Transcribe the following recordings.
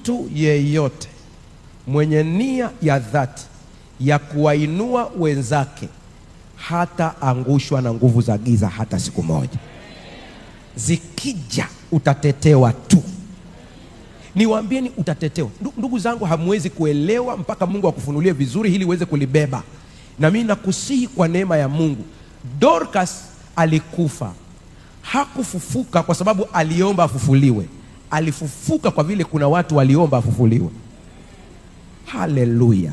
mtu yeyote mwenye nia ya dhati ya kuwainua wenzake hata angushwa na nguvu za giza hata siku moja. Zikija utatetewa tu. Niwaambieni, utatetewa. Ndugu zangu, hamwezi kuelewa mpaka Mungu akufunulie vizuri ili uweze kulibeba. Na mimi nakusihi kwa neema ya Mungu, Dorcas alikufa hakufufuka kwa sababu aliomba afufuliwe alifufuka kwa vile kuna watu waliomba afufuliwe. Haleluya!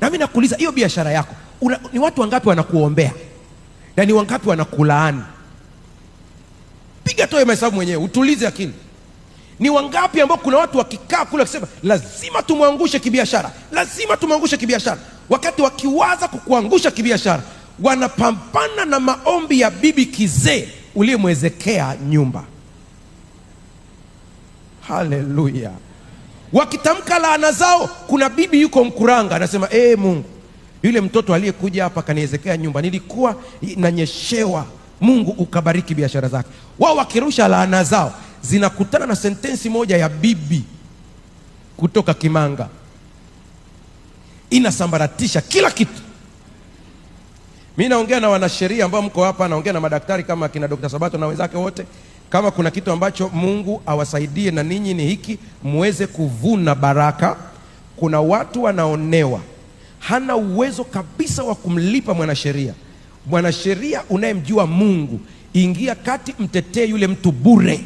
Na mimi nakuuliza, hiyo biashara yako una, ni watu wangapi wanakuombea na ni wangapi wanakulaani? Piga toe mahesabu mwenyewe, utulize akili. Ni wangapi ambao kuna watu wakikaa kule wakisema lazima tumwangushe kibiashara, lazima tumwangushe kibiashara, wakati wakiwaza kukuangusha kibiashara wanapambana na maombi ya bibi kizee uliyemwezekea nyumba. Haleluya! Wakitamka laana zao, kuna bibi yuko Mkuranga anasema ee, Mungu, yule mtoto aliyekuja hapa akaniwezekea nyumba, nilikuwa nanyeshewa, Mungu ukabariki biashara zake. Wao wakirusha laana zao zinakutana na sentensi moja ya bibi kutoka Kimanga, inasambaratisha kila kitu. Mimi naongea na wanasheria ambao mko hapa, naongea na madaktari kama kina Dr. Sabato na wenzake wote. Kama kuna kitu ambacho Mungu awasaidie na ninyi ni hiki, muweze kuvuna baraka. Kuna watu wanaonewa, hana uwezo kabisa wa kumlipa mwanasheria. Mwanasheria unayemjua Mungu, ingia kati, mtetee yule mtu bure.